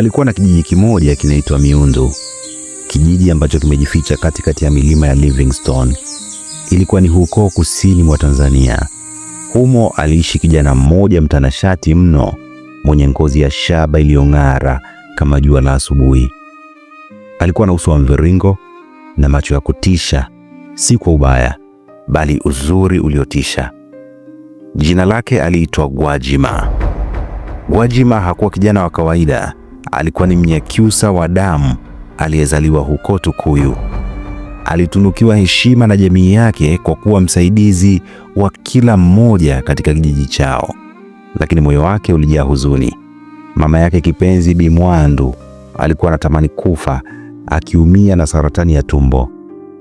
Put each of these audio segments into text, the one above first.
Palikuwa na kijiji kimoja kinaitwa Miundu, kijiji ambacho kimejificha katikati ya milima ya Livingstone. Ilikuwa ni huko kusini mwa Tanzania. Humo aliishi kijana mmoja mtanashati mno, mwenye ngozi ya shaba iliyong'ara kama jua la asubuhi. Alikuwa na uso wa mviringo na macho ya kutisha, si kwa ubaya, bali uzuri uliotisha. Jina lake aliitwa Gwajima. Gwajima hakuwa kijana wa kawaida alikuwa ni Mnyakyusa wa damu aliyezaliwa huko Tukuyu. Alitunukiwa heshima na jamii yake kwa kuwa msaidizi wa kila mmoja katika kijiji chao, lakini moyo wake ulijaa huzuni. Mama yake kipenzi Bi Mwandu alikuwa anatamani kufa, akiumia na saratani ya tumbo.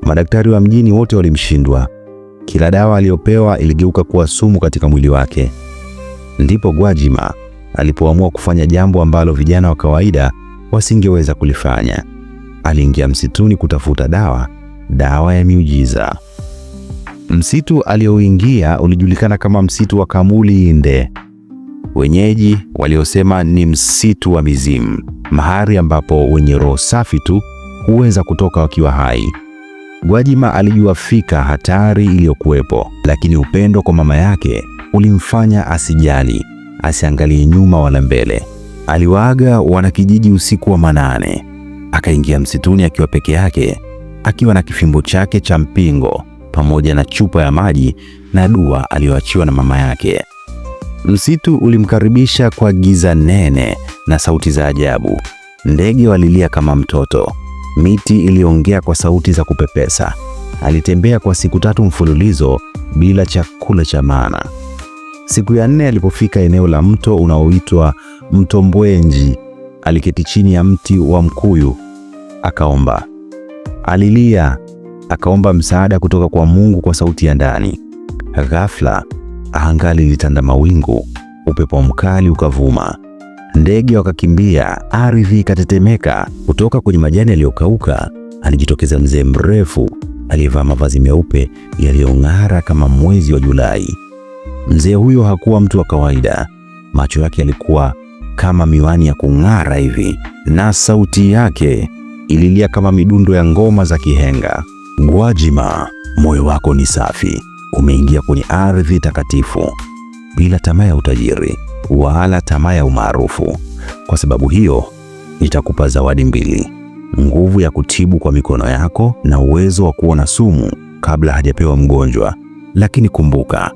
Madaktari wa mjini wote walimshindwa. Kila dawa aliyopewa iligeuka kuwa sumu katika mwili wake. Ndipo Gwajima alipoamua kufanya jambo ambalo vijana wa kawaida wasingeweza kulifanya. Aliingia msituni kutafuta dawa, dawa ya miujiza. Msitu aliyoingia ulijulikana kama msitu wa inde wenyeji waliosema ni msitu wa mizimu, mahali ambapo wenye roho safi tu huweza kutoka wakiwa hai. Gwajima alijua fika hatari iliyokuwepo, lakini upendo kwa mama yake ulimfanya asijali asiangalie nyuma wala mbele. Aliwaaga wanakijiji usiku wa manane, akaingia msituni akiwa peke yake, akiwa na kifimbo chake cha mpingo pamoja na chupa ya maji na dua aliyoachiwa na mama yake. Msitu ulimkaribisha kwa giza nene na sauti za ajabu. Ndege walilia kama mtoto, miti iliongea kwa sauti za kupepesa. Alitembea kwa siku tatu mfululizo bila chakula cha maana. Siku ya nne alipofika eneo la mto unaoitwa Mto Mbwenji, aliketi chini ya mti wa mkuyu akaomba. Alilia, akaomba msaada kutoka kwa Mungu kwa sauti ya ndani. Ghafla anga lilitanda mawingu, upepo mkali ukavuma, ndege wakakimbia, ardhi ikatetemeka. Kutoka kwenye majani yaliyokauka alijitokeza mzee mrefu aliyevaa mavazi meupe yaliyong'ara kama mwezi wa Julai. Mzee huyo hakuwa mtu wa kawaida. Macho yake yalikuwa kama miwani ya kung'ara hivi, na sauti yake ililia kama midundo ya ngoma za kihenga. Gwajima, moyo wako ni safi, umeingia kwenye ardhi takatifu, bila tamaa ya utajiri wala tamaa ya umaarufu. Kwa sababu hiyo, nitakupa zawadi mbili: nguvu ya kutibu kwa mikono yako na uwezo wa kuona sumu kabla hajapewa mgonjwa. Lakini kumbuka,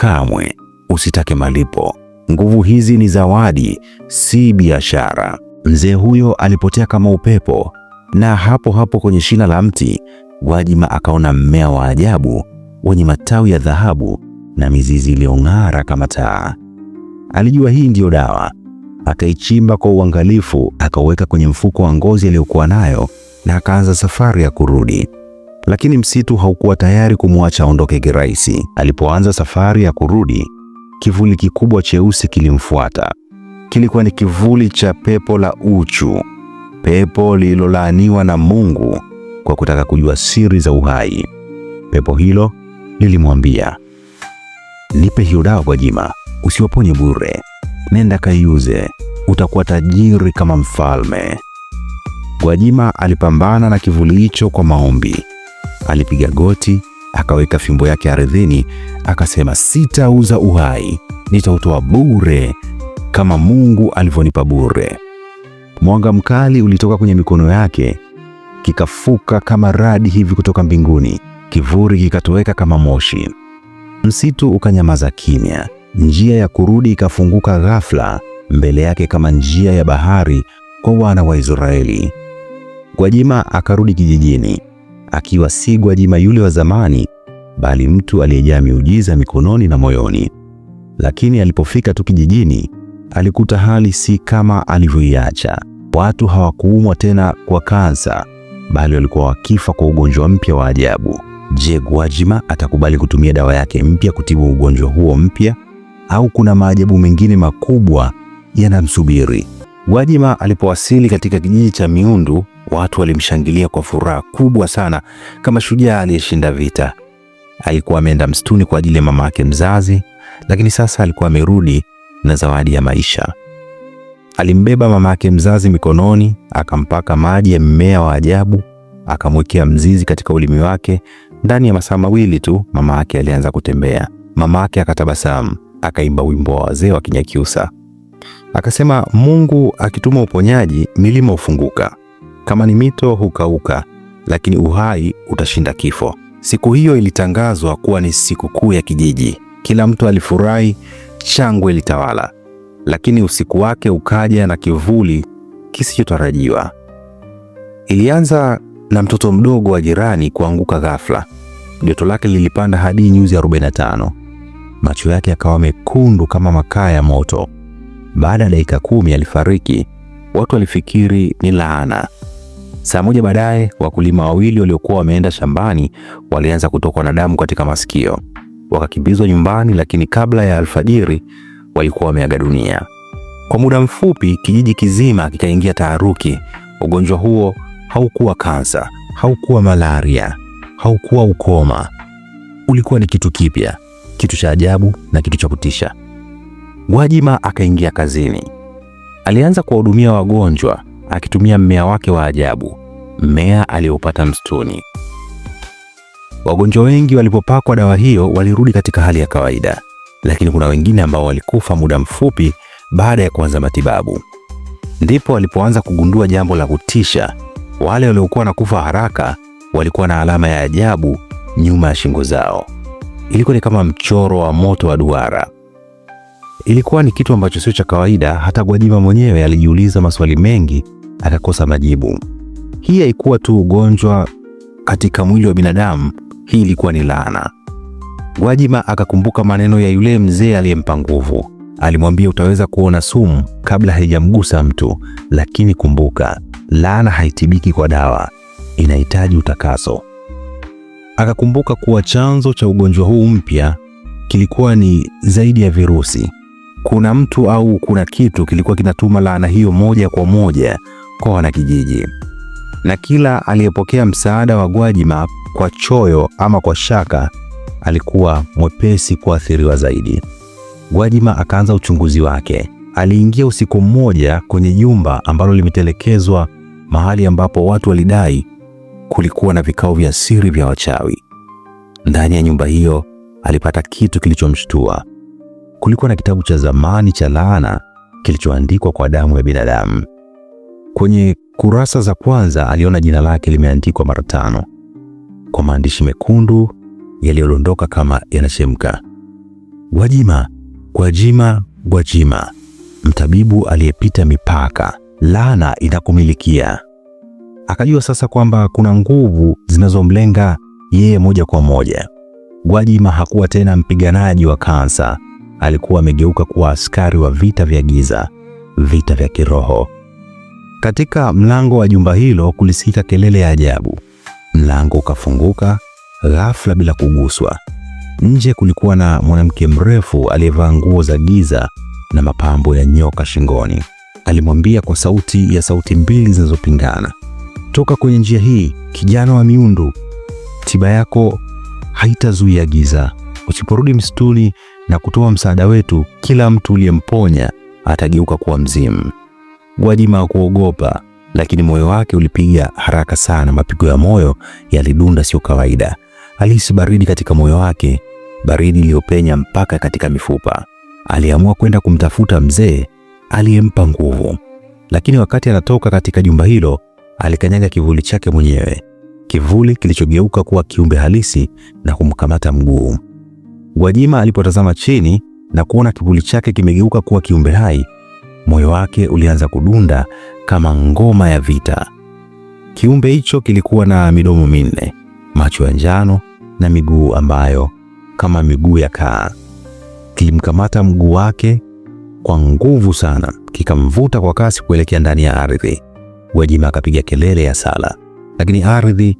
Kamwe usitake malipo. Nguvu hizi ni zawadi, si biashara. Mzee huyo alipotea kama upepo, na hapo hapo kwenye shina la mti Gwajima akaona mmea wa ajabu wenye matawi ya dhahabu na mizizi iliyong'ara kama taa. Alijua hii ndiyo dawa. Akaichimba kwa uangalifu, akaweka kwenye mfuko wa ngozi aliyokuwa nayo na akaanza safari ya kurudi lakini msitu haukuwa tayari kumwacha aondoke kirahisi. Alipoanza safari ya kurudi, kivuli kikubwa cheusi kilimfuata. Kilikuwa ni kivuli cha pepo la uchu, pepo lililolaaniwa na Mungu kwa kutaka kujua siri za uhai. Pepo hilo lilimwambia, nipe hiyo dawa Gwajima, usiwaponye bure, nenda kaiuze, utakuwa tajiri kama mfalme. Gwajima alipambana na kivuli hicho kwa maombi, Alipiga goti, akaweka fimbo yake ardhini, akasema, sitauza uhai, nitautoa bure kama Mungu alivyonipa bure. Mwanga mkali ulitoka kwenye mikono yake, kikafuka kama radi hivi kutoka mbinguni. kivuri kikatoweka kama moshi. Msitu ukanyamaza kimya. Njia ya kurudi ikafunguka ghafla mbele yake kama njia ya bahari kwa wana wa Israeli. Gwajima akarudi kijijini akiwa si Gwajima yule wa zamani, bali mtu aliyejaa miujiza mikononi na moyoni. Lakini alipofika tu kijijini, alikuta hali si kama alivyoiacha. Watu hawakuumwa tena kwa kansa, bali walikuwa wakifa kwa ugonjwa mpya wa ajabu. Je, Gwajima atakubali kutumia dawa yake mpya kutibu ugonjwa huo mpya, au kuna maajabu mengine makubwa yanamsubiri? Gwajima alipowasili katika kijiji cha Miundu Watu walimshangilia kwa furaha kubwa sana kama shujaa aliyeshinda vita. Alikuwa ameenda msituni kwa ajili ya mama yake mzazi, lakini sasa alikuwa amerudi na zawadi ya maisha. Alimbeba mama yake mzazi mikononi, akampaka maji ya mmea wa ajabu, akamwekea mzizi katika ulimi wake. Ndani ya masaa mawili tu mama yake alianza kutembea. Mama yake akatabasamu, akaimba wimbo wa wazee wa Kinyakyusa, akasema, Mungu akituma uponyaji, milima hufunguka. Kama ni mito hukauka, lakini uhai utashinda kifo. Siku hiyo ilitangazwa kuwa ni sikukuu ya kijiji. Kila mtu alifurahi, shangwe ilitawala, lakini usiku wake ukaja na kivuli kisichotarajiwa. Ilianza na mtoto mdogo wa jirani kuanguka ghafla. Joto lake lilipanda hadi nyuzi 45, macho yake yakawa mekundu kama makaa ya moto. Baada ya dakika kumi alifariki. Watu walifikiri ni laana, Saa moja baadaye, wakulima wawili waliokuwa wameenda shambani walianza kutokwa na damu katika masikio, wakakimbizwa nyumbani, lakini kabla ya alfajiri walikuwa wameaga dunia. Kwa muda mfupi, kijiji kizima kikaingia taharuki. Ugonjwa huo haukuwa kansa, haukuwa malaria, haukuwa ukoma. Ulikuwa ni kitu kipya, kitu cha ajabu na kitu cha kutisha. Gwajima akaingia kazini. Alianza kuwahudumia wagonjwa akitumia mmea wake wa ajabu, mmea aliyoupata msituni. Wagonjwa wengi walipopakwa dawa hiyo walirudi katika hali ya kawaida, lakini kuna wengine ambao walikufa muda mfupi baada ya kuanza matibabu. Ndipo walipoanza kugundua jambo la kutisha. Wale waliokuwa na kufa haraka walikuwa na alama ya ajabu nyuma ya shingo zao. Ilikuwa ni kama mchoro wa moto wa duara. Ilikuwa ni kitu ambacho sio cha kawaida. Hata Gwajima mwenyewe alijiuliza maswali mengi akakosa majibu. Hii haikuwa tu ugonjwa katika mwili wa binadamu, hii ilikuwa ni laana. Gwajima akakumbuka maneno ya yule mzee aliyempa nguvu. Alimwambia, utaweza kuona sumu kabla haijamgusa mtu, lakini kumbuka, laana haitibiki kwa dawa, inahitaji utakaso. Akakumbuka kuwa chanzo cha ugonjwa huu mpya kilikuwa ni zaidi ya virusi. Kuna mtu au kuna kitu kilikuwa kinatuma laana hiyo moja kwa moja kwa wanakijiji, na kila aliyepokea msaada wa Gwajima kwa choyo ama kwa shaka alikuwa mwepesi kuathiriwa zaidi. Gwajima akaanza uchunguzi wake. Aliingia usiku mmoja kwenye jumba ambalo limetelekezwa, mahali ambapo watu walidai kulikuwa na vikao vya siri vya wachawi. Ndani ya nyumba hiyo alipata kitu kilichomshtua. Kulikuwa na kitabu cha zamani cha laana kilichoandikwa kwa damu ya binadamu. Kwenye kurasa za kwanza aliona jina lake limeandikwa mara tano kwa maandishi mekundu yaliyodondoka kama yanachemka. Gwajima, Gwajima, Gwajima, mtabibu aliyepita mipaka, laana inakumilikia. Akajua sasa kwamba kuna nguvu zinazomlenga yeye moja kwa moja. Gwajima hakuwa tena mpiganaji wa kansa, alikuwa amegeuka kuwa askari wa vita vya giza, vita vya kiroho katika mlango wa jumba hilo kulisikika kelele ya ajabu. Mlango ukafunguka ghafla bila kuguswa. Nje kulikuwa na mwanamke mrefu aliyevaa nguo za giza na mapambo ya nyoka shingoni. Alimwambia kwa sauti ya sauti mbili zinazopingana, toka kwenye njia hii, kijana wa miundu. Tiba yako haitazuia giza. Usiporudi msituni na kutoa msaada wetu, kila mtu uliyemponya atageuka kuwa mzimu. Gwajima hakuogopa, lakini moyo wake ulipiga haraka sana. Mapigo ya moyo yalidunda sio kawaida. Alihisi baridi katika moyo wake, baridi iliyopenya mpaka katika mifupa. Aliamua kwenda kumtafuta mzee aliyempa nguvu, lakini wakati anatoka katika jumba hilo, alikanyaga kivuli chake mwenyewe, kivuli kilichogeuka kuwa kiumbe halisi na kumkamata mguu. Gwajima alipotazama chini na kuona kivuli chake kimegeuka kuwa kiumbe hai moyo wake ulianza kudunda kama ngoma ya vita. Kiumbe hicho kilikuwa na midomo minne, macho ya njano na miguu ambayo kama miguu ya kaa. Kilimkamata mguu wake kwa nguvu sana, kikamvuta kwa kasi kuelekea ndani ya ardhi. Gwajima akapiga kelele ya sala, lakini ardhi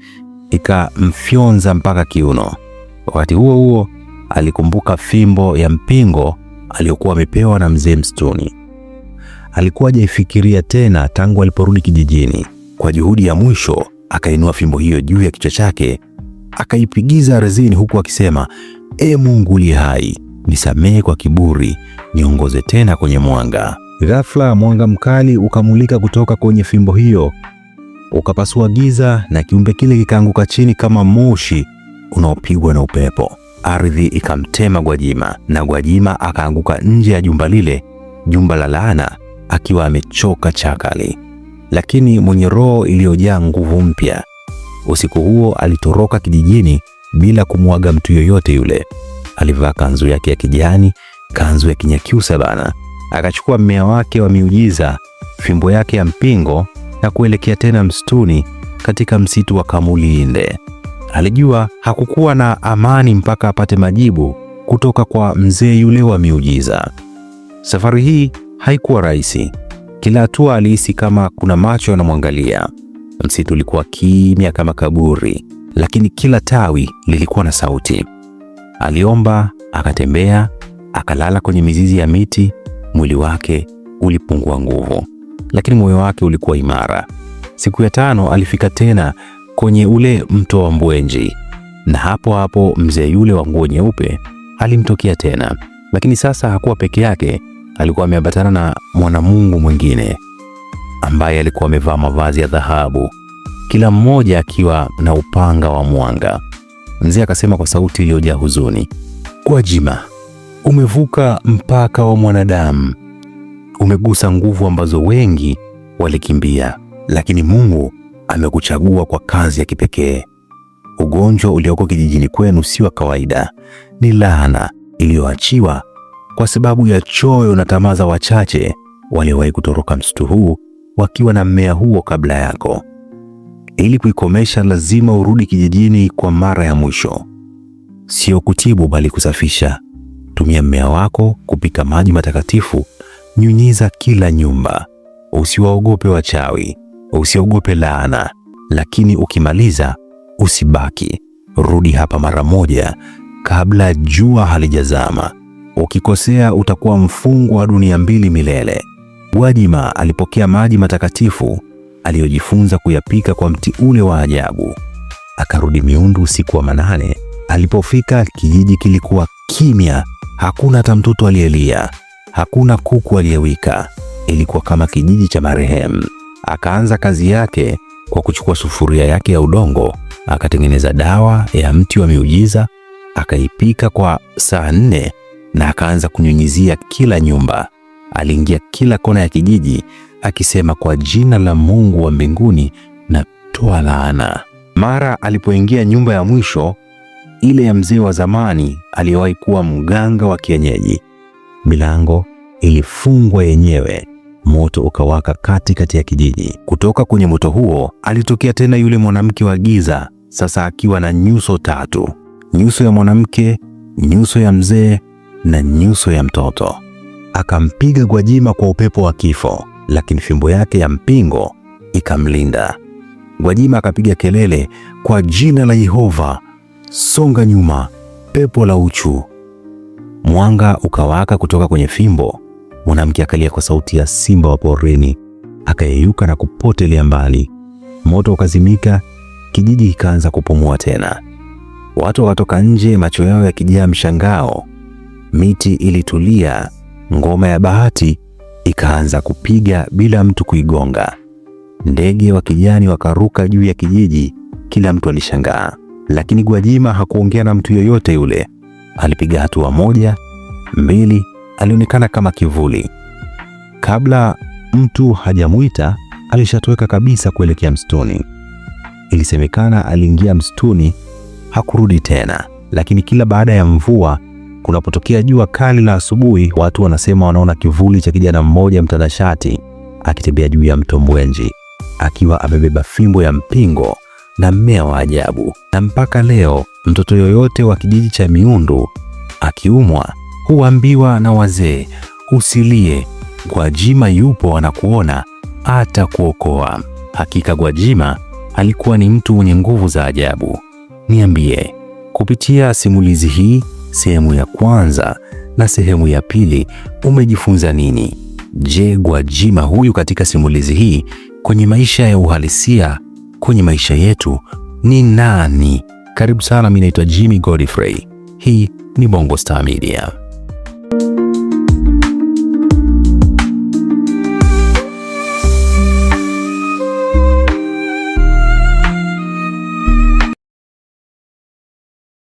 ikamfyonza mpaka kiuno. Wakati huo huo, alikumbuka fimbo ya mpingo aliyokuwa amepewa na mzee msituni alikuwa hajaifikiria tena tangu aliporudi kijijini. Kwa juhudi ya mwisho, akainua fimbo hiyo juu ya kichwa chake, akaipigiza ardhini, huku akisema, E Mungu uliye hai, nisamehe kwa kiburi, niongoze tena kwenye mwanga. Ghafla mwanga mkali ukamulika kutoka kwenye fimbo hiyo, ukapasua giza na kiumbe kile kikaanguka chini kama moshi unaopigwa na upepo. Ardhi ikamtema Gwajima na Gwajima akaanguka nje ya jumba lile, jumba la laana akiwa amechoka chakali, lakini mwenye roho iliyojaa nguvu mpya. Usiku huo alitoroka kijijini bila kumwaga mtu yoyote yule. Alivaa kanzu yake ya kijani, kanzu ya Kinyakyusa bana, akachukua mmea wake wa miujiza, fimbo yake ya mpingo na kuelekea tena msituni, katika msitu wa kamuliinde Alijua hakukuwa na amani mpaka apate majibu kutoka kwa mzee yule wa miujiza. Safari hii Haikuwa rahisi. Kila hatua alihisi kama kuna macho yanamwangalia. Msitu ulikuwa kimya kama kaburi, lakini kila tawi lilikuwa na sauti. Aliomba, akatembea, akalala kwenye mizizi ya miti. Mwili wake ulipungua nguvu, lakini moyo wake ulikuwa imara. Siku ya tano alifika tena kwenye ule mto wa Mbwenji, na hapo hapo mzee yule wa nguo nyeupe alimtokea tena, lakini sasa hakuwa peke yake alikuwa ameambatana na mwanamungu mwingine ambaye alikuwa amevaa mavazi ya dhahabu, kila mmoja akiwa na upanga wa mwanga. Mzee akasema kwa sauti iliyojaa huzuni, Gwajima, umevuka mpaka wa mwanadamu, umegusa nguvu ambazo wengi walikimbia, lakini Mungu amekuchagua kwa kazi ya kipekee. Ugonjwa ulioko kijijini kwenu si wa kawaida, ni laana iliyoachiwa kwa sababu ya choyo na tamaa za wachache waliowahi kutoroka msitu huu wakiwa na mmea huo kabla yako. Ili kuikomesha, lazima urudi kijijini kwa mara ya mwisho. Sio kutibu, bali kusafisha. Tumia mmea wako kupika maji matakatifu, nyunyiza kila nyumba. Usiwaogope wachawi, usiogope laana, lakini ukimaliza usibaki. Rudi hapa mara moja, kabla jua halijazama. Ukikosea utakuwa mfungwa wa dunia mbili milele. Gwajima alipokea maji matakatifu aliyojifunza kuyapika kwa mti ule wa ajabu. Akarudi Miundu usiku wa manane. Alipofika kijiji kilikuwa kimya, hakuna hata mtoto aliyelia, hakuna kuku aliyewika. Ilikuwa kama kijiji cha marehemu. Akaanza kazi yake kwa kuchukua sufuria yake ya udongo, akatengeneza dawa ya mti wa miujiza, akaipika kwa saa nne na akaanza kunyunyizia kila nyumba. Aliingia kila kona ya kijiji akisema, kwa jina la Mungu wa mbinguni na toa laana. Mara alipoingia nyumba ya mwisho, ile ya mzee wa zamani aliyewahi kuwa mganga wa kienyeji, milango ilifungwa yenyewe. Moto ukawaka katikati ya kijiji. Kutoka kwenye moto huo alitokea tena yule mwanamke wa giza, sasa akiwa na nyuso tatu: nyuso ya mwanamke, nyuso ya mzee na nyuso ya mtoto, akampiga Gwajima kwa upepo wa kifo, lakini fimbo yake ya mpingo ikamlinda. Gwajima akapiga kelele, kwa jina la Yehova, songa nyuma, pepo la uchu. Mwanga ukawaka kutoka kwenye fimbo. Mwanamke akalia kwa sauti ya simba wa porini, akayeyuka na kupotelea mbali. Moto ukazimika, kijiji kikaanza kupumua tena. Watu wakatoka nje, macho yao yakijaa mshangao miti ilitulia, ngoma ya bahati ikaanza kupiga bila mtu kuigonga. Ndege wa kijani wakaruka juu ya kijiji, kila mtu alishangaa, lakini Gwajima hakuongea na mtu yoyote yule. Alipiga hatua moja mbili, alionekana kama kivuli. Kabla mtu hajamwita alishatoweka kabisa kuelekea msituni. Ilisemekana aliingia msituni hakurudi tena, lakini kila baada ya mvua kunapotokea jua kali la asubuhi, watu wanasema wanaona kivuli cha kijana mmoja mtanashati akitembea juu ya mto mwenji akiwa amebeba fimbo ya mpingo na mmea wa ajabu. Na mpaka leo mtoto yoyote wa kijiji cha Miundu akiumwa huambiwa na wazee, usilie, Gwajima yupo anakuona, atakuokoa. Hakika Gwajima alikuwa ni mtu mwenye nguvu za ajabu. Niambie, kupitia simulizi hii sehemu ya kwanza na sehemu ya pili umejifunza nini? Je, Gwajima huyu katika simulizi hii kwenye maisha ya uhalisia kwenye maisha yetu ni nani? Karibu sana, mimi naitwa Jimmy Godfrey. Hii ni Bongo Star Media.